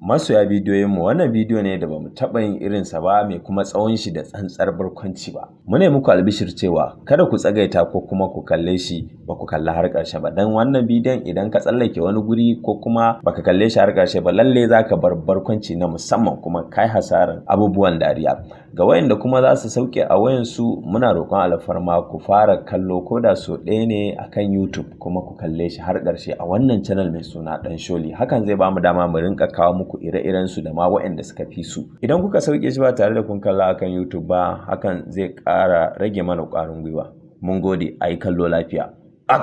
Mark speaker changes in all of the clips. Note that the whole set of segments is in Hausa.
Speaker 1: masoya mu wannan bidiyo ne da bamu mu taɓa yin sa ba mai kuma tsawon shi da tsantsar barkwanci ba mu muku albishir cewa kada ku tsagaita ko kuma ku kalle shi ba ku kalla har ƙarshe ba dan wannan bidiyon idan ka tsallake wani guri ko kuma baka kalle shi har ƙarshe ba lalle za ka bar barkwanci na musamman kuma kai hasarar abubuwan dariya ga wayanda kuma za su sauke a wayansu muna roƙon alfarma ku fara kallo ko da so ɗaya ne akan YouTube kuma ku kalle shi har ƙarshe a wannan channel mai suna Dan Sholi hakan zai bamu dama mu rinka kawo muku Ku ire-iren su da ma waɗanda suka fi su idan kuka sauke shi ba tare da kun kalla akan YouTube ba hakan zai ƙara rage mana ƙwarin gwiwa mun gode a yi kallo lafiya a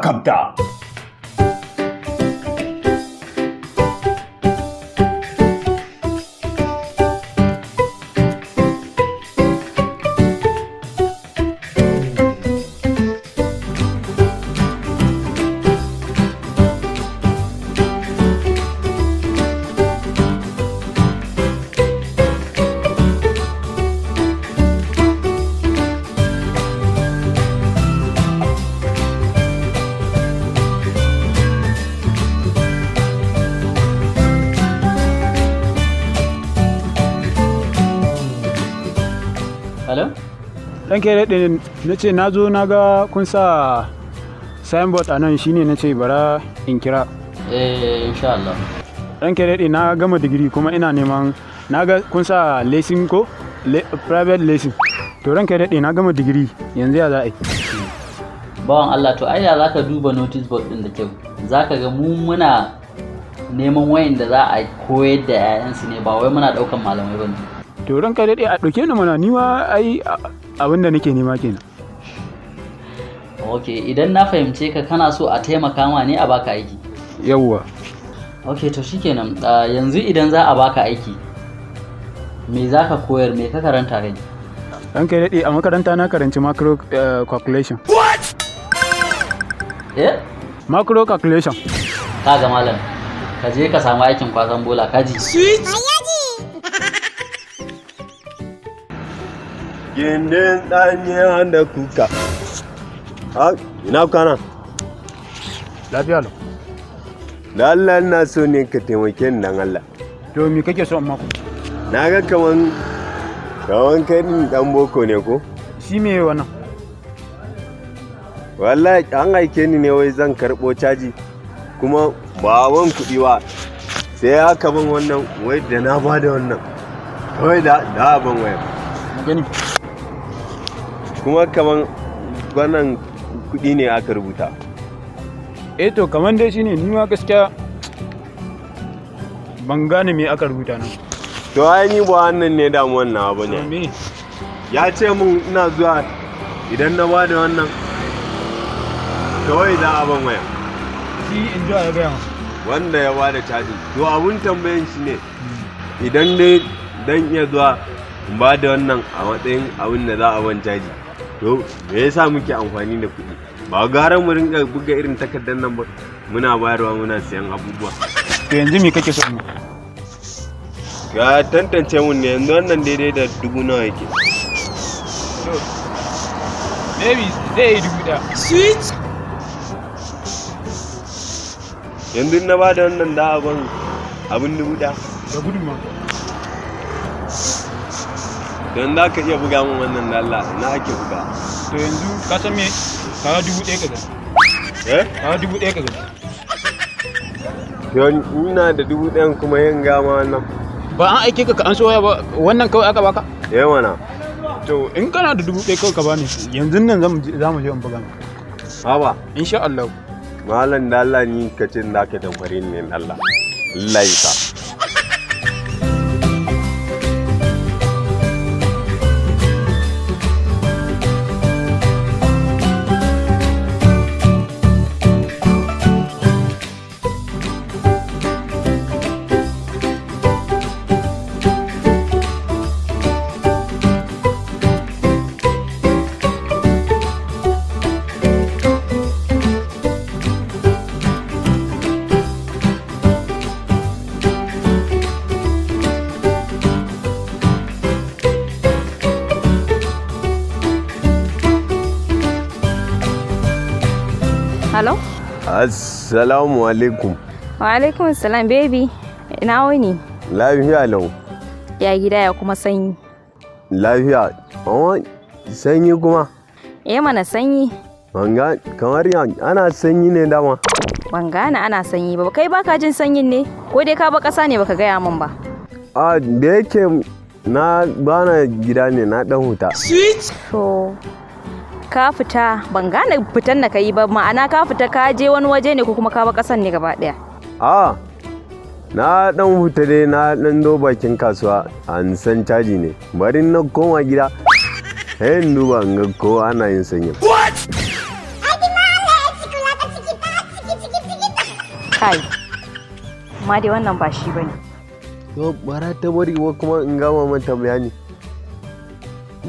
Speaker 2: ranke daɗe na ce na zo na ga kun sa signboard a nan shine na ce bara in kira
Speaker 3: eh insha Allah
Speaker 2: ranke daɗe na gama digiri kuma ina neman na ga kun sa lesson ko private lesson to ranke daɗe na gama digiri yanzu ya za a yi
Speaker 3: bawan Allah to ai za ka duba notice board ɗin da kyau za ka ga mu muna neman wayan da za a koyar da 'ya'yansu ne ba wai muna ɗaukan malamai ba ne to ranka daɗe a ɗauke ni mana ni ma ai
Speaker 2: abin da nake nema kenan
Speaker 3: ok idan na fahimce ka kana so a taimaka ma ne a baka aiki yawwa ok to shikenan kenan ah, yanzu idan za a baka aiki me za ka koyar me ka karanta kai an kai
Speaker 2: daɗe a makaranta na karanci macro eh, calculation what eh macro calculation
Speaker 3: ka ga malam ka je ka samu aikin kwasan bola kaji sweet gindin
Speaker 1: ɗanyen da kuka ha ina kwana lafiya lau da Allah na so ne ka taimake ni dan Allah
Speaker 2: to me kake so amma
Speaker 1: na ga kaman kaman kai din dan boko ne ko
Speaker 2: shi me wannan
Speaker 1: wallahi an aike ni ne wai zan karɓo caji kuma ba wan kuɗi ba sai ya ban wannan wai da na ba da wannan wai da da ban waya gani kuma kaman wannan kuɗi ne aka rubuta
Speaker 2: eh to kaman dai shine ni ma gaskiya ban gane me aka rubuta nan
Speaker 1: to ai ni ba wannan ne damuwan na ba ne ya ce mun ina zuwa idan na ba da wannan kawai za a ban waya
Speaker 2: shi in ji ya
Speaker 4: gaya
Speaker 1: wanda ya ba da caji to abun tambayin shi ne hmm. idan dai dan iya zuwa in ba da wannan a matsayin abin da za a ban caji to me yasa muke amfani da kuɗi ba gara mu rinka buga irin takardar nan ba muna bayarwa muna siyan abubuwa
Speaker 2: to yanzu me kake son mu
Speaker 1: ga tantance mun ne yanzu wannan daidai da dubu nawa yake
Speaker 2: maybe zai yi dubu da. Sweet!
Speaker 1: Yanzu na ba da wannan da abin dubu da.
Speaker 2: Da gudunma.
Speaker 1: don za ka iya buga mu wannan dalla na ake buga to yanzu ka san me ga dubu ɗaya ka gani eh ga dubu ɗaya ka gani don ina da dubu ɗayan kuma yin gama wannan
Speaker 2: ba an aike ka an soya ba wannan kawai aka baka eh mana to in kana da dubu ɗaya kawai ka bani yanzu nan za mu je mu buga ba insha Allah
Speaker 1: malam da Allah ni ka ce za ka tambare ni Allah Allah ya Assalamu alaikum.
Speaker 3: Wa alaikum salam baby. Ina wani
Speaker 1: Lafiya lau.
Speaker 3: Ya gida ya kuma sanyi.
Speaker 1: Lafiya. Oh, sanyi kuma?
Speaker 3: Eh mana sanyi.
Speaker 1: Banga kamar yan ana sanyi ne dama.
Speaker 3: banga na ana sanyi ba. Kai baka jin sanyin ne? Ko dai ka ba kasa ne baka gaya min ba.
Speaker 1: A da yake na bana gida ne na dan huta. Switch.
Speaker 3: To. ka fita ban gane fitan da ka yi ba ma'ana ka fita ka je wani waje ne ko kuma ka ba kasan ne gaba daya
Speaker 1: a na dan huta ne na dan do bakin kasuwa an san caji ne bari na koma gida eh duba ga ko ana yin sanya
Speaker 3: kai ma dai wannan ba shi bane
Speaker 1: to bara ta bari kuma in gama mata bayani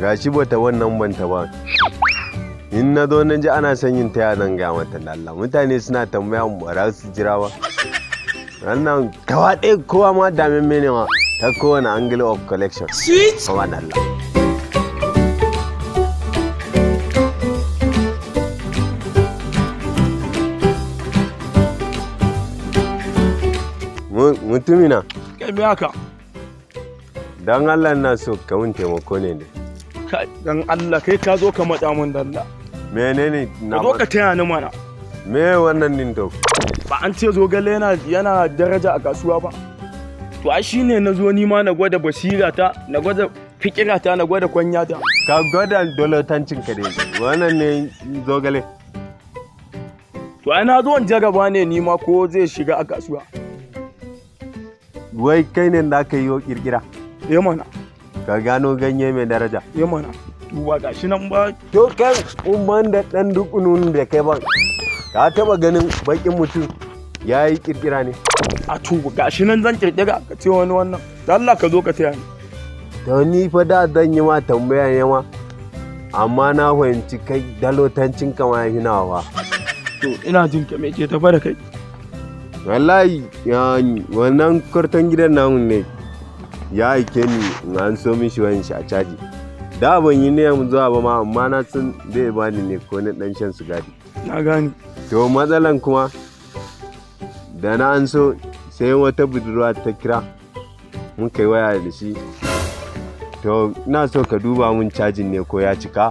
Speaker 1: gashi bata wannan banta ba in na zo na ji ana son yin taya zan gaya mata lalla, mutane suna tambaya mu ba su jira ba wannan gaba ɗaya kowa ma damin mene ma ta kowane angle of collection sweet kuma da Allah mutumina haka don Allah na so kawun taimako ne ne
Speaker 4: don Allah kai ka zo ka maɗa mun dalla
Speaker 1: menene na zo ka
Speaker 4: taya ni mana
Speaker 1: me wannan
Speaker 4: nin to ba an ce zogale yana yana daraja a kasuwa ba to ai shine na zo ni ma na gwada basira ta na gwada fikira ta na gwada kwanya ta ka gwada dolotancin ka dai wannan ne zogale to ai na zo in jaraba ne ni ma ko zai shiga a kasuwa wai
Speaker 1: kai ne da ka yi kirkira eh mana ka gano ganye mai daraja eh mana
Speaker 4: duba ga shi nan ba to kan umman da dan dukunun da kai ban
Speaker 1: ka taba ganin
Speaker 4: bakin mutum ya yi kirkira ne a to ga shi nan zan kirkira ka ce wani wannan dan Allah ka zo ka taya ni
Speaker 1: da ni fa da zan yi ma tambaya ne ma amma na fahimci kai dalotancin ma ya hinawa to ina jin ka me ke tafa da kai wallahi wannan kurtan gidan namun ne ya ike ni an so min shi wani shi a caji da ban yi niyan zuwa ba ma amma na san zai ni ne ko na dan shan sigari na gani to matsalan kuma da na an so sai wata budurwa ta kira mun yi waya da shi to na so ka duba mun cajin ne ko ya cika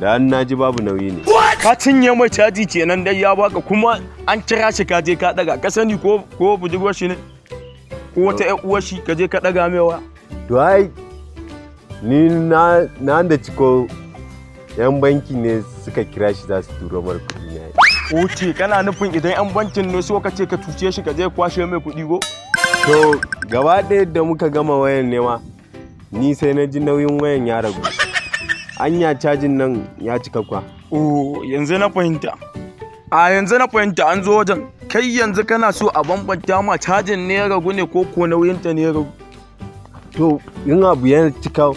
Speaker 1: da an na ji babu nauyi ne
Speaker 4: ka cinye mai caji kenan dai ya baka kuma an kira shi ka je ka daga ka sani ko ko budurwa shi ne ko wata ƴan uwar shi ka je ka daga mai wa
Speaker 1: to ai ni na na da ciko yan banki ne suka kira shi za su turo mar kuɗi ne Oce kana nufin idan yan bankin ne so ka ce ka tuce shi ka je kwashe mai kuɗi go? To gaba ɗaya da muka gama wayan ne ma ni sai na ji nauyin wayan ya ragu. Anya cajin nan ya cika kwa. Oh yanzu na fahimta.
Speaker 4: A yanzu na fahimta an zo wajen. Kai yanzu kana so a bambanta ma cajin ne ya ragu ne ko ko nauyinta ne ya ragu.
Speaker 1: To in abu ya cika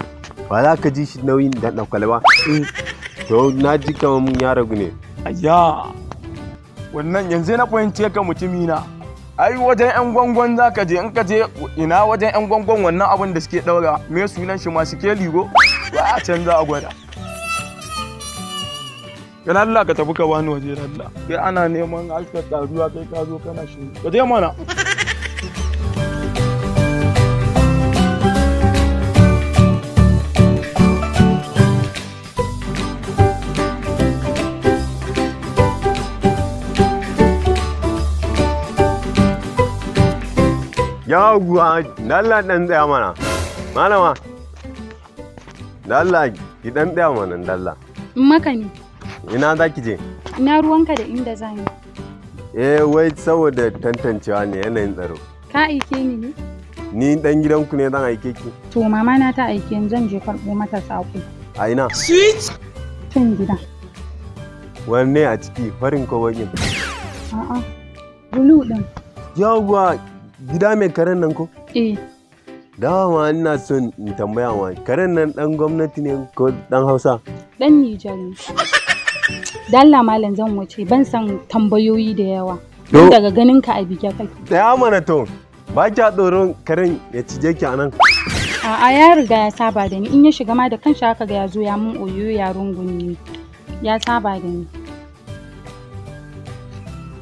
Speaker 1: ba za ka ji shi nauyin da ɗaukale
Speaker 4: ba eh, to na
Speaker 1: ji kamar ya ragu ne
Speaker 4: ayya wannan yanzu na fahimci ka mutumi na ai wajen yan gwangwan za ka je in ka je ina wajen yan gwangwan wannan abin da suke ɗaura me sunan shi masu ke ligo ba a can za a gwada yana Allah ka tafi ka bani waje Allah sai ana neman alkar ɗaruwa kai ka zo kana shi ka je mana
Speaker 1: ya guwa dalla dan tsaya mana malama dalla ki dan tsaya mana dalla maka ne ina za ki je
Speaker 3: ina ruwanka da inda za ni
Speaker 1: eh wai saboda tantancewa ne yanayin tsaro
Speaker 3: ka aike ni ne
Speaker 1: ni dan gidanku ne zan aike ki
Speaker 3: to mama na ta aike ni zan je karɓo mata sako
Speaker 1: a ina sweet tun gida wanne a ciki farin ko bakin
Speaker 3: a'a bulu din
Speaker 1: yawwa gida mai karen nan ko? Eh. Dama ina son in tambaya ma karen nan dan gwamnati ne ko dan Hausa?
Speaker 3: Dan Nijar ne. Dalla malam zan wuce ban san tambayoyi da yawa. Don daga ganin ka a bige kake.
Speaker 1: Ya mana to. Ba kya tsoron karen ya cije ki anan.
Speaker 3: A'a ya riga ya saba da ni in ya shiga ma da kanshi haka ga ya zo ya mun oyo ya rungumi. Ya saba da ni.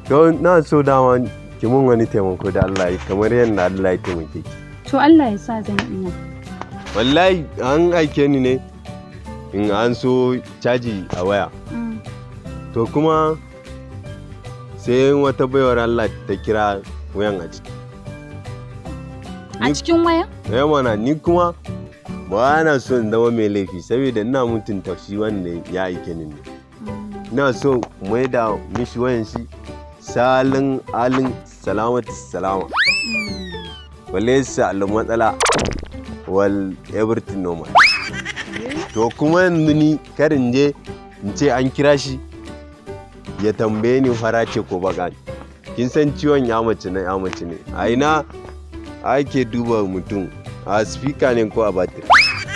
Speaker 1: Don na so dama ki mun wani taimako da Allah yi kamar yadda Allah ya taimake ki
Speaker 3: to Allah ya sa zan iya
Speaker 1: wallahi an aike ni ne in an so caji a waya mm. to kuma sai wata baiwar Allah ta kira wayan a ciki
Speaker 3: a cikin waya?
Speaker 1: ya eh mana ni kuma ba na so in zama mai laifi saboda ina mutunta shi wanda ya aike ni ne
Speaker 3: mm. ina
Speaker 1: so mai da mishi wayan shi salin alin salamat salama wale alin matsala wal everything normal to kuma yanzu ni karin je in ce an kira shi ya tambaye ni ce ko baka kin san ciwon ya mace na ya mace ne a ina ake duba mutum a spika ne ko a batir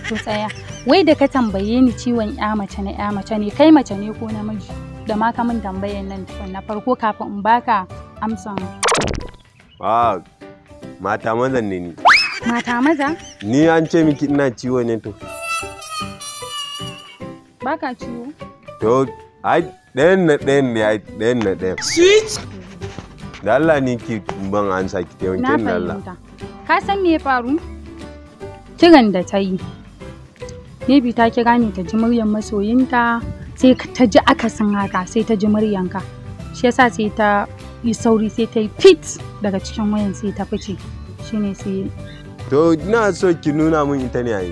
Speaker 3: to tsaya wai da ka tambaye ni ciwon ya mace na ya mace ne kai mace ne ko namiji da ma ka min tambayar nan tukun na farko kafin in baka amsan.
Speaker 1: Wow, mata maza ne ni. Mata maza? Ni an ce miki ina ciwo ne to.
Speaker 3: Baka ciwo?
Speaker 1: To, ai ɗayan na ɗayan ne ai ɗayan na ɗayan. Switch! Da Allah ne ki ban ansa ki taimakon da Allah. Na
Speaker 3: fahimta. Ka san me ya faru? Kiran da ta yi. Nebi ta kira ni ta ji muryar masoyinta sai ta ji akasin haka sai ta ji muryanka shi yasa sai ta yi sauri sai ta yi fit daga cikin wayan sai ta fice ne sai
Speaker 1: to ina so ki nuna mun ita ne ai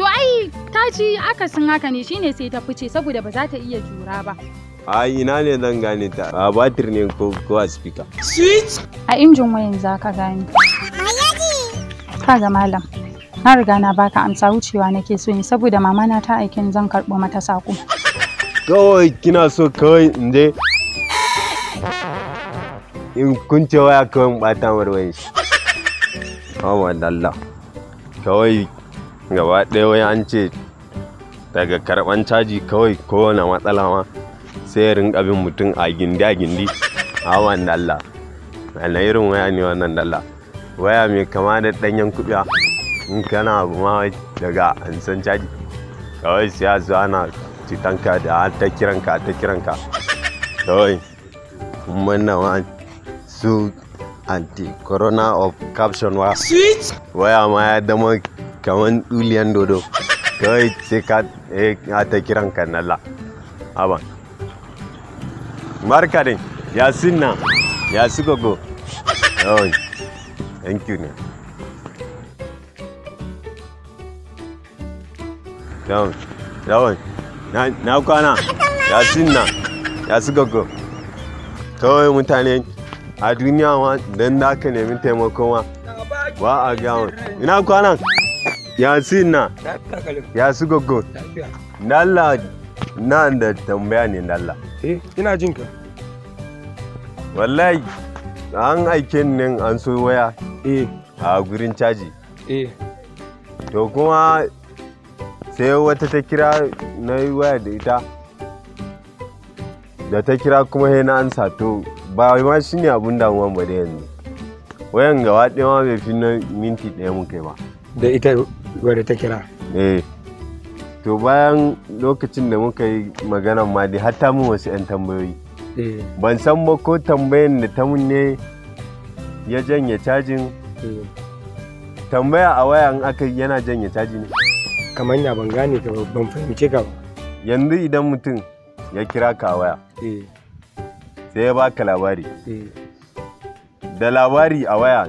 Speaker 3: to ai ta ji akasin haka ne shi ne sai ta fice saboda ba za ta iya jura ba
Speaker 1: a ina ne zan gane ta a batir ne ko ko a speaker
Speaker 3: switch a injin wayan za ka gane ka ga malam na riga na baka amsa wucewa nake so ne saboda mamana ta aikin zan karɓo mata sako
Speaker 1: kawai kina so kawai in je in kunce waya kawai in bata marwayin shi amma oh, lalla kawai gaba ɗaya wai an ce daga karban caji kawai kowane matsala ma sai rinka bin mutum a gindi a gindi amma oh, lalla na irin waya ne wannan lalla waya mai kama da ɗanyen kuɗi in kana abu ma daga an san caji kawai siya zuwa na titanka da ta kiranka ta kiranka doi wa su anti-corona of caption wa waya ma ya dama kaman duliyan dodo kawai sai ka eh, ta kiran ka nalla aba marka din ya sinna ya su gogo doi thank you ne Don't, na kwana ya na ya su gago kawai mutane a duniya ma don da ka nemi taimako ma ba a gawon ina kwana ya na ya su gago nalla na da tambaya ne nalla eh ina jin ka wallahi an aike nan an so waya eh a gurin caji eh to kuma sai wata ta kira na yi waya da ita da ta kira kuma sai na ansa to ba ma shi ne abin damuwan ba da yanzu wayan gawa ɗaya ma bai fi na minti ɗaya mun kai ba da ita wadda ta kira eh to bayan lokacin da muka yi magana ma dai hatta mun wasu 'yan tambayoyi eh. ban san ba ko tambayan da ta mun ne ya janye cajin eh. tambaya a wayan aka yana janye caji ne kamar ya ban gane ka ban fahimce ka ba yanzu idan mutum ya kira ka waya eh. sai ya baka labari eh. da labari a waya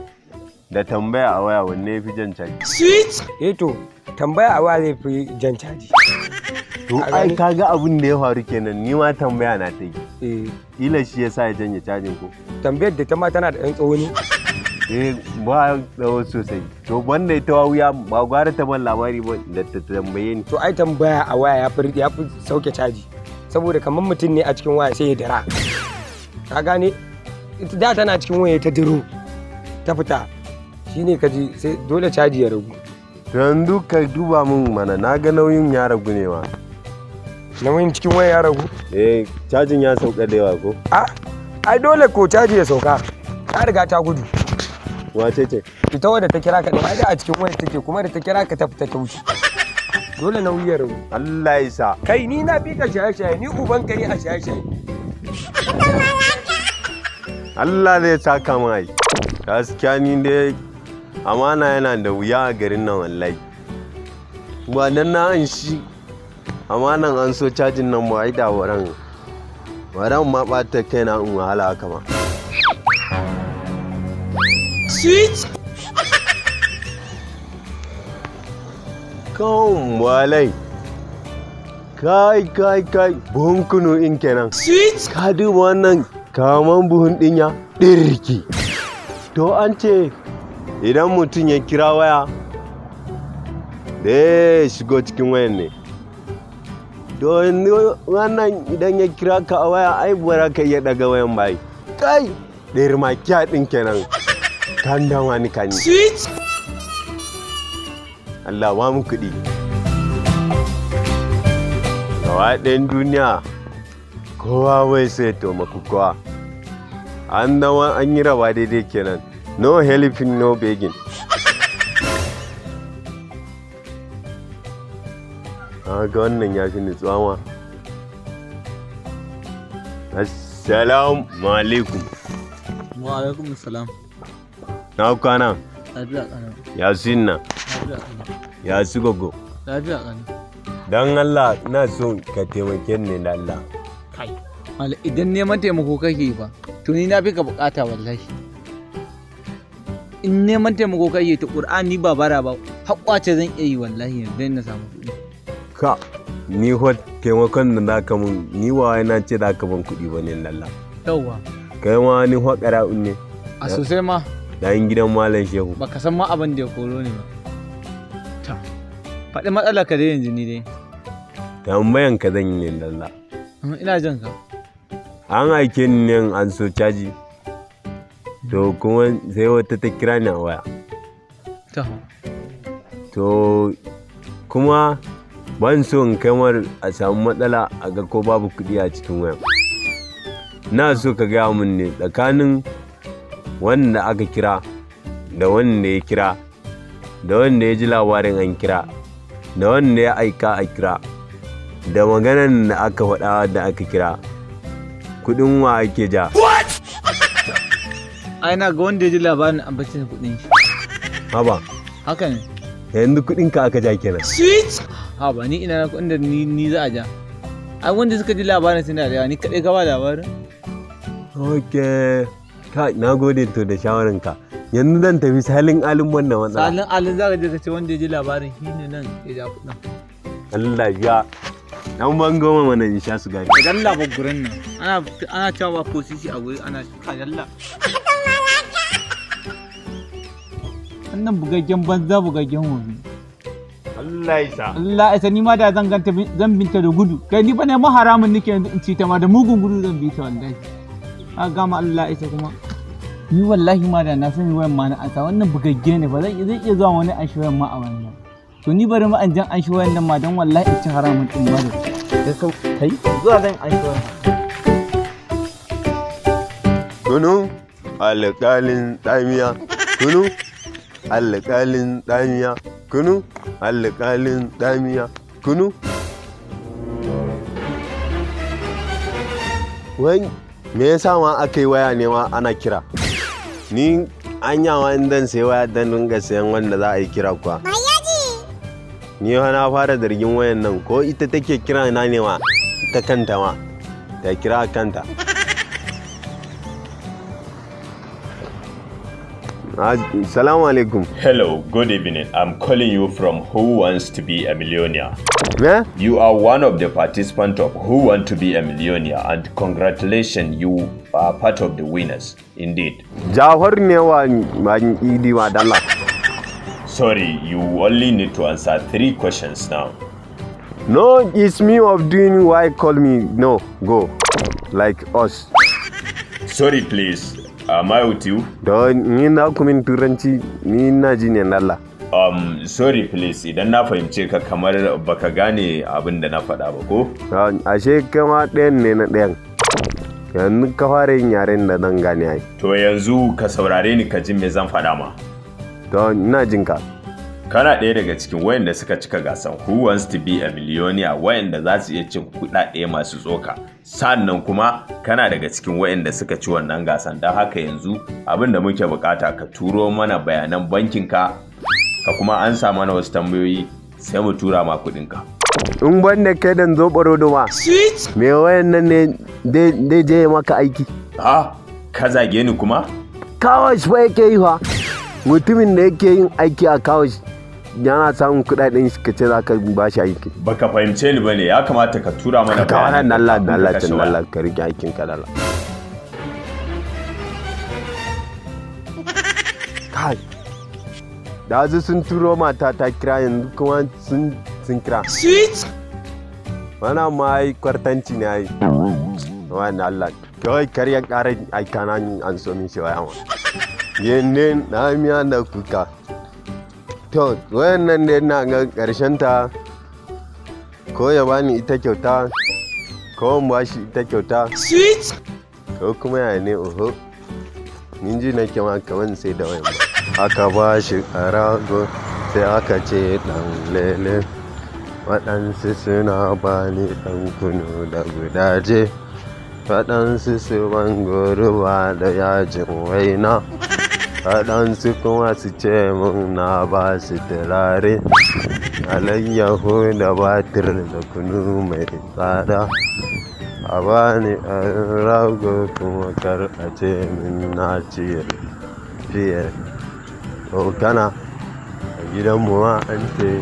Speaker 1: da tambaya a waya wanne ya fi jan caji switch eh to tambaya a waya zai fi jan caji to ai kaga abin da ya faru kenan ni ma tambaya na ta yi eh. ila shi ya sa ya janye cajin ko tambayar da ta ma tana da ɗan tsawo ne eh ba tsawo sosai to wanda ita wuya ba gwara ta man labari ba da ta tambaye ni to ai tambaya a waya ya
Speaker 2: fi ya fi sauke caji saboda kamar mutum ne a cikin waya sai ya dara. ka
Speaker 4: gane da tana cikin waya ta diro ta fita shine ka ji sai dole caji ya ragu
Speaker 1: yanzu ka duba min mana na ga nauyin ya ragu ne ma nauyin cikin waya ya ragu eh cajin ya sauka da yawa ko a
Speaker 4: ai dole ko caji ya sauka Ka riga ta gudu wace ce ita wadda ta kira ka da ai a cikin wayar take kuma da ta kira ka ta fita taushi dole na ya rabu Allah ya sa kai ni na bi ka shaye-shaye ni uban ka a shaye-shaye
Speaker 1: Allah zai saka mai gaskiya ni dai amana yana da wuya a garin nan wallahi ba nan na an shi amanan an so cajin nan ba ai da waran waran ma ba ta kaina in wahala haka ma switch. Kawun walai. Kai kai kai buhun kunu in kenan. Switch. Kadu wannan kaman buhun dinya dirki To an ce idan mutum ya kira waya Eh shigo cikin wayan ne. To wannan idan ya kira ka a waya ai bara ka iya daga wayan bai. Kai ɗirma kya ɗin kenan. kallon wani kani switch Allah ba mu kuɗi gawa ɗayan duniya kowa wai sai to kowa. an dawa an yi rawa daidai kenan no helping no begging ga wannan ya fi nutsuwa ma assalamu alaikum
Speaker 5: wa alaikum assalam na kwana lafiya kana
Speaker 1: ya sinna ya su gogo lafiya kana Don Allah na so ka taimake ni da Allah
Speaker 5: kai mala idan neman taimako kake ba to ni na fi ka bukata wallahi in neman taimako kake ta qur'ani ba bara ba haƙwace zan iya yi wallahi yanzu na samu kuɗi ka ni
Speaker 1: hot taimakon da za ka mun ni waye na ce za ka ban kuɗi ba ne lalla yauwa kai ma ni hot ƙara'un ne
Speaker 5: a sosai ma
Speaker 1: bayan gidan Malam Shehu.
Speaker 5: Baka san ma abin da ya koro ne ba. Ta. Faɗi matsala ka dai yanzu ni dai.
Speaker 1: Tambayan ka zan yi lalla.
Speaker 5: Ina jan ka.
Speaker 1: An aike ni ne an so caji. To kuma sai wata ta kira ni a waya. Ta. To kuma ban so in kamar a samu matsala a ga ko babu kuɗi a cikin waya. Na so ka gaya min ne tsakanin wanda aka kira da wanda ya kira da wanda ya ji labarin an kira da wanda ya aika a kira da maganan da aka faɗa da aka kira kudin wa ake ja
Speaker 5: aina ga wanda ya ji labarin an bacin kudin shi haba haka ne
Speaker 1: yanzu kudin ka aka ja kenan
Speaker 5: switch haba ni ina na kudin da ni za a ja ai wanda suka ji labarin suna da yawa ni kaɗai ba labarin
Speaker 1: okay kai na gode to da shawaranka yanzu zan tafi salin alin wannan matsala salin
Speaker 5: alin za ka je ka ce wanda ya ji labarin shi ne nan ya ja kuɗin
Speaker 1: Allah ya nan ban goma mana in sha su gari idan labar gurin
Speaker 5: nan ana ana cewa ko sisi a guri ana dalla. wannan bugaggen banza bugaggen wani Allah ya sa. Allah sa ni ma da zan ganta zan binta da gudu kai ni fa ne ma haramun nake in ci ta ma da mugun gudu zan bi ta wallahi a gama Allah isa kuma ni wallahi ma da na sani wayan ma na ansa wannan bugagge ne ba zai iya zuwa wani an shi wayan ma a wannan to ni bari mu an jan an shi wayan nan ma don wallahi in ci haramun din ba da da sau kai zuwa zan an shi wayan
Speaker 1: tunu alƙalin tsamiya tunu alƙalin tsamiya kunu alƙalin tsamiya kunu wai me yasa ma aka yi waya ne ma ana kira ni an yi in dan sai waya dan dinga sayan wanda za a yi kira kuwa ni fa na fara zargin wayan nan ko ita take kira na ne ma ta kanta ma ta kira a kanta ah, Salamu alaikum. Hello, good evening. I'm calling you from Who Wants to Be a Millionaire. Yeah? You are one of the participants of Who Want to Be a Millionaire, and congratulations, you are part of the winners, indeed. Jahor Mewa Idi Madala. Sorry, you only need to answer three questions now. No, it's me of doing why call me no go like us. Sorry, please. Am I with you? Don ni na kumin turanci ni na ji ne Allah. Um, sorry please idan na fahimce ka kamar baka gane abin da na faɗa ba ko? Ashe kama ɗayan ne na ɗayan. yanzu ka fara yin yaren da zan gane ai to yanzu ka saurare ni ka ji me zan faɗa ma to ina jin ka kana ɗaya daga cikin wayanda suka cika gasan who wants to be a millionaire wayanda za su iya cin kuɗaɗe masu tsoka sannan kuma kana daga cikin wayanda suka ci wannan gasan don haka yanzu abin da muke bukata ka turo mana bayanan bankinka ka kuma ansa mana wasu tambayoyi sai mu tura ma kuɗinka in banda kai dan zo barodo ma me wayan nan ne dai je maka aiki ha ka zage ni kuma kawash fa yake yi fa mutumin da yake yin aiki a kawash yana samun kuɗaɗen shi kace za ka ba shi aiki baka fahimce ni bane ya kamata ka tura mana ka wannan Allah Allah can Allah ka rike aikin ka Allah kai da sun turo mata ta kira yanzu kuma sun sun kira switch wannan ma ai kwartanci ne ai Wani Allah kawai karyan ƙara ai na yin an so min shi wa yenne na miya na kuka to wayannan ne na ga ƙarshen ta ko ya bani ita kyauta ko in ba shi ita kyauta switch ko kuma ya ne oho min ji na kama kaman sai da wayan aka ba shi ƙarago sai aka ce ɗan lele waɗansu suna bani ɗan kunu da gudaje waɗansu su ruwa da yajin waina waɗansu kuma su ce mun na ba su turare alayyahu da batir da kunu mai tsada a bani ɗan rago kuma kar a ce min na ciye fiye o kana a mu ma an ce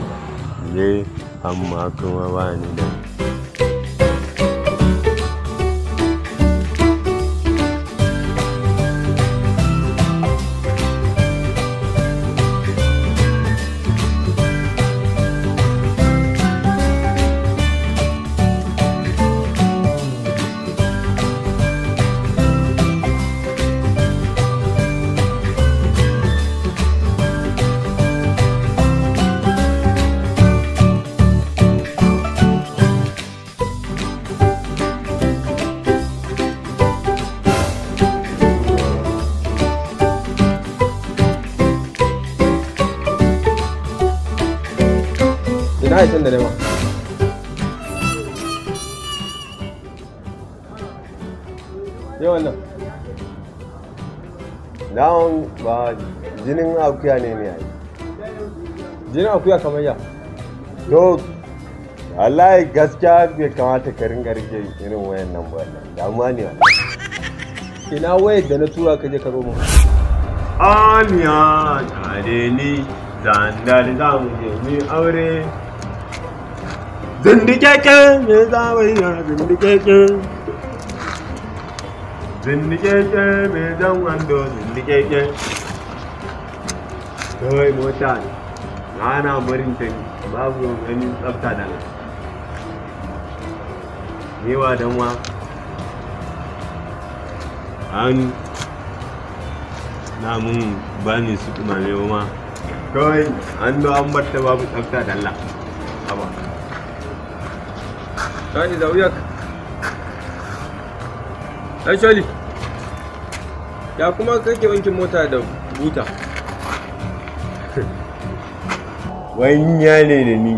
Speaker 1: ne amma kuma ba ni da haifin da nema yawan nan ba jinin akuya ne ne yayi jinin akuya kamar ya to wallahi gaskiya bai kamata ka ringa rike irin wayan nan ba damuwa ne ina wayar da na tura ka je ka romo aniya tare ni zandar mu je ni aure zindikeke me zawaiya zindikeke zindikeke me jan wando zindikeke kawai mota ne ana barin ta babu ganin tsafta dala? nan newa dan wa an namun bani su kuma ma kawai an do an batta babu tsafta da Allah Charlie, da wuyak. Ai, Charlie. Ya kuma kake wankin mota da buta? Wanya ne da ni.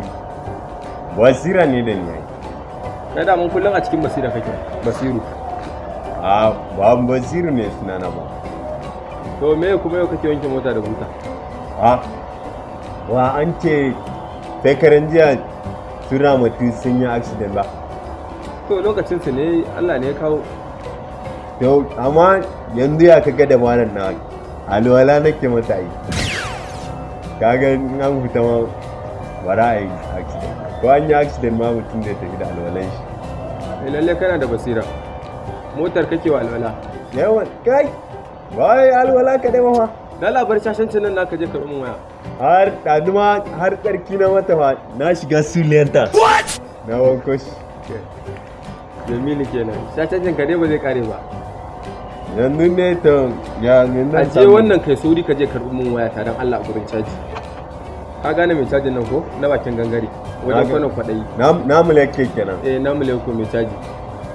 Speaker 1: Basira ne da ni. Na da mun kullum a cikin basira kake. Basiru. A ba basiru ne sunana ba. To me kuma yau kake wankin mota da buta? A wa an ce sai karen jiya sun ramatu sun yi accident ba. to lokacin su ne Allah ne ya kawo yau amma yanzu ya kaga da malam na alwala nake mata yi kaga in an fita ma bara a yi accident ko an yi accident ma mutum da ya tafi da alwalan shi eh, lalle kana da basira motar kake wa alwala yawan kai wai alwala ka dai ma da labar shashancin nan naka je karɓi waya har ɗaduma har ƙarki na mata ma na shiga sulenta na wankoshi shi jamilu kenan canjin ka dai ba zai kare ba yanzu ne ta nuna a ce wannan kai sauri ka je karɓi mun waya taron Allah gurin caji ka gane mai cajin nan ko na bakin gangare wajen kwanan kwaɗayi na ke kenan eh na mulake mai caji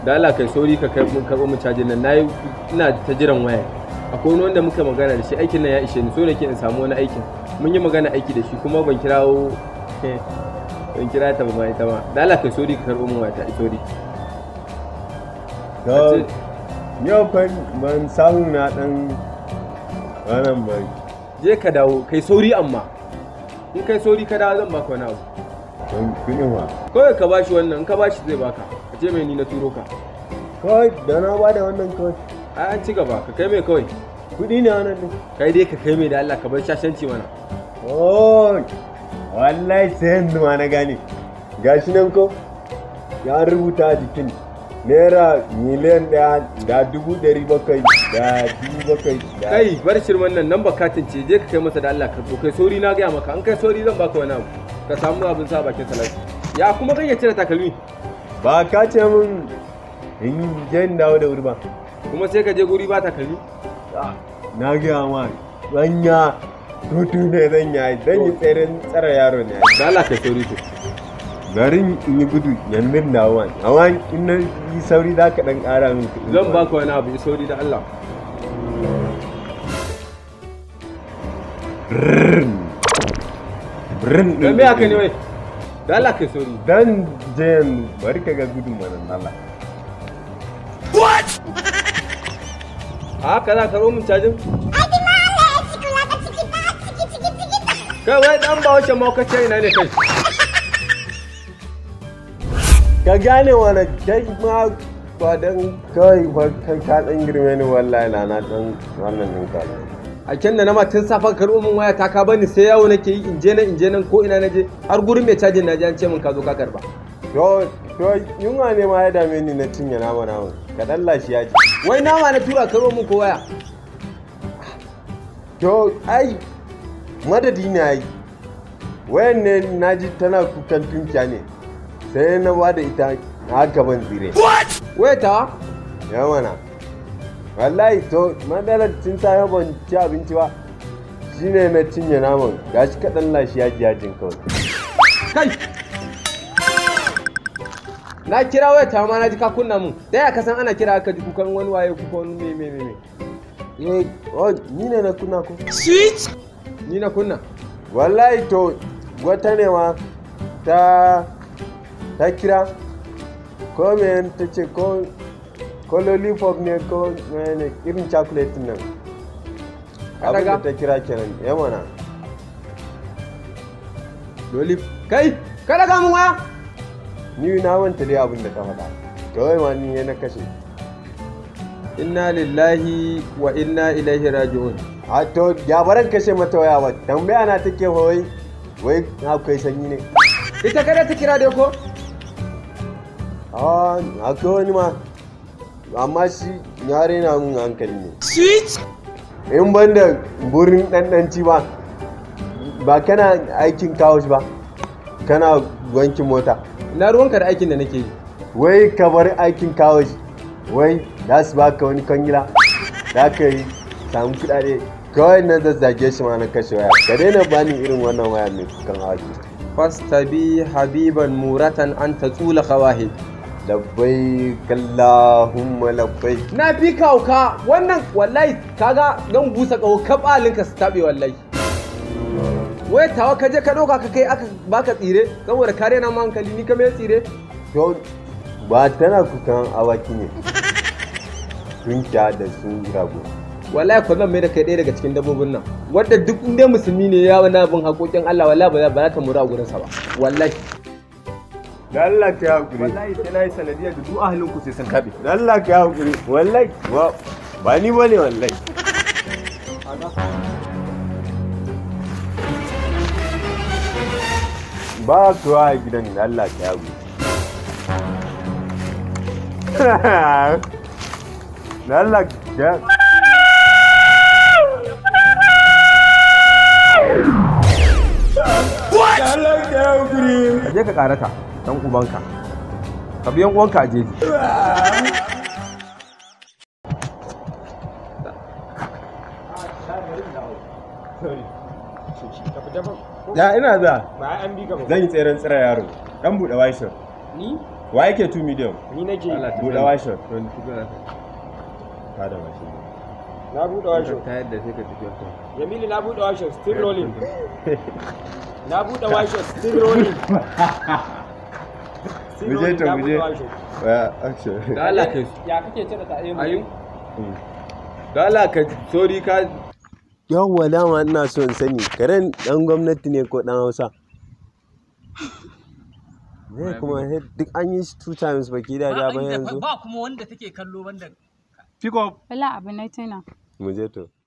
Speaker 1: da Allah kai sauri ka kai mun karɓo mun cajin nan nayi ina ta jiran waya akwai wani wanda muka magana da shi aikin nan ya ishe ni so ke in samu wani aikin mun yi magana aiki da shi kuma ban kirawo ban kira ta ba ma ita ma da Allah kai sauri ka karɓo mun waya ta sauri Yau, yau ban samu na dan wannan ba je ka dawo kai sauri amma
Speaker 4: in kai sauri ka dawo zan baka wani abu
Speaker 1: don kuɗin wa
Speaker 4: kawai ka bashi wannan in ka bashi zai baka ka ce mai ni na turo ka
Speaker 1: kawai da na bada wannan kawai
Speaker 4: ai an ci gaba ka
Speaker 1: kai mai kawai kuɗi ne wannan ne. kai dai ka kai mai da Allah ka bar shashanci mana oh wallahi sai yanzu na gane gashi nan ko ya rubuta a jikin naira miliyan ɗaya da dubu dari bakwai da
Speaker 4: dubu bakwai da kai bar shirman nan nan bakatin ce je ka kai masa da Allah ka so kai sori na gaya maka an kai sori zan baka wani abu ka samu abin sa bakin salati ya kuma kan ya cire takalmi
Speaker 1: ba ka ce mun in je in dawo da wuri ba kuma sai ka je guri ba takalmi ah, na gaya ma zanya tutu ne zan zan yi tsere tsara yaro ne da Allah ka sori to garin in yi gudu yan mirna wani amma in na yi sauri za ka dan kara min kuɗi zan ku wani abu sauri da Allah rin rin Don me aka ne wai? Da Allah ka sauri. Dan jen bari ka ga gudu mana Allah. What? A
Speaker 4: haka za ka ro mun cajin? Kai wai dan ba wacce maukace ina ne kai. ka gane
Speaker 1: wani kai ma ba don kai ka kaɗan girme ni wallahi na na ɗan wannan din
Speaker 4: a can da na ma tun safan karo min waya ta ka bani sai yawo nake yi
Speaker 1: inje nan inje nan ko ina na je? har gurin mai cajin naje an ce min ka zo ka karɓa. yo yo yunwa ne ma ya dame ni na cinye nama nama ka dan ya ji. wai nama na tura karo min ko waya yo ai madadi ne ai wayan ne naji tana kukan tunkiya ne sai na ba da ita haka ban zire weta ya mana wallahi to madalar tun yi ban ci abinci ba Shi ne na cinye naman gashi kaɗan lashi yaji yajin kawai kai na kira waya ta ma na ji ka kunna mun dai ya kasan ana kira ka ji kukan wani waye kuka wani me me me eh, oh, ni ne na kunna ko switch ni na kunna wallahi to gwata ne ma ta ta kira ko men ta ce ko ko lollipop ne ko mene irin chocolate nan abin da ta kira kenan ya eh mana lollipop kai
Speaker 4: kada ka mun waya
Speaker 1: ni na wanta dai abin da ta faɗa kawai ma ni ne na kashe inna lillahi wa inna ilaihi raji'un a to ya baran kashe mata waya ba tambaya na take wai na kai sanyi ne
Speaker 2: ita kada ta kira dai ko
Speaker 1: a ah, akwai wani ma amma shi ya raina mun hankali ne sweet in ban da burin ɗanɗanci ba ba kana aikin kawo ba kana wankin mota na ruwanka da aikin da nake yi wai ka bar aikin kawo wai za su baka wani kwangila za ka yi samu kuɗaɗe kawai na zazzage shi ma na kashe waya ka daina bani irin wannan waya mai kukan hawa fasta bi habiban muratan an ta tsula kawahid labbai kallahumma labbai
Speaker 4: na fi kauka wannan wallahi kaga don busa kawo kabalin ka su tabe wallahi wai tawa ka je ka doka ka kai aka baka tsire saboda kare na ma hankali ni ka mai tsire to
Speaker 1: ba tana kukan awaki ne sun sha da sun rago wallahi ko zan mai da kai ɗaya daga cikin dabbobin nan wanda duk inda musulmi ne ya wani abin haƙoƙin Allah wallahi ba za ta mura a gurinsa ba wallahi da Allah ka hakuri wallahi sai na yi sanadiyar da duk ahalin ku sai sun kabe da Allah ka hakuri wallahi ba ni bane wallahi ba kuwa a gidan da Allah ka hakuri da Allah ka
Speaker 4: What? Je ka karata. dan ubanka ka biyan uwanka a jeji
Speaker 1: Ya ina za. Zan yi tseren tsira yaro. Dan buɗe washer Ni? Wa yake 2 million? Ni nake. Buɗe washin. Ka da washer Na buɗe washer Ta yadda sai ka tafi wata.
Speaker 2: Jamilu na buɗe washer still rolling. Na buɗe washer still rolling. mu je to mu je
Speaker 1: da Allah ka
Speaker 2: ya kake cire ta eh, ayu mm. da
Speaker 1: Allah ka sori ka yawwa dama ina so in sani karen dan gwamnati ne ko dan Hausa ne kuma duk an yi shi two times baki da da ba yanzu
Speaker 5: ba kuma wanda take kallo wanda
Speaker 1: Fiko.
Speaker 3: Wala abu na tana. Mu
Speaker 1: je to.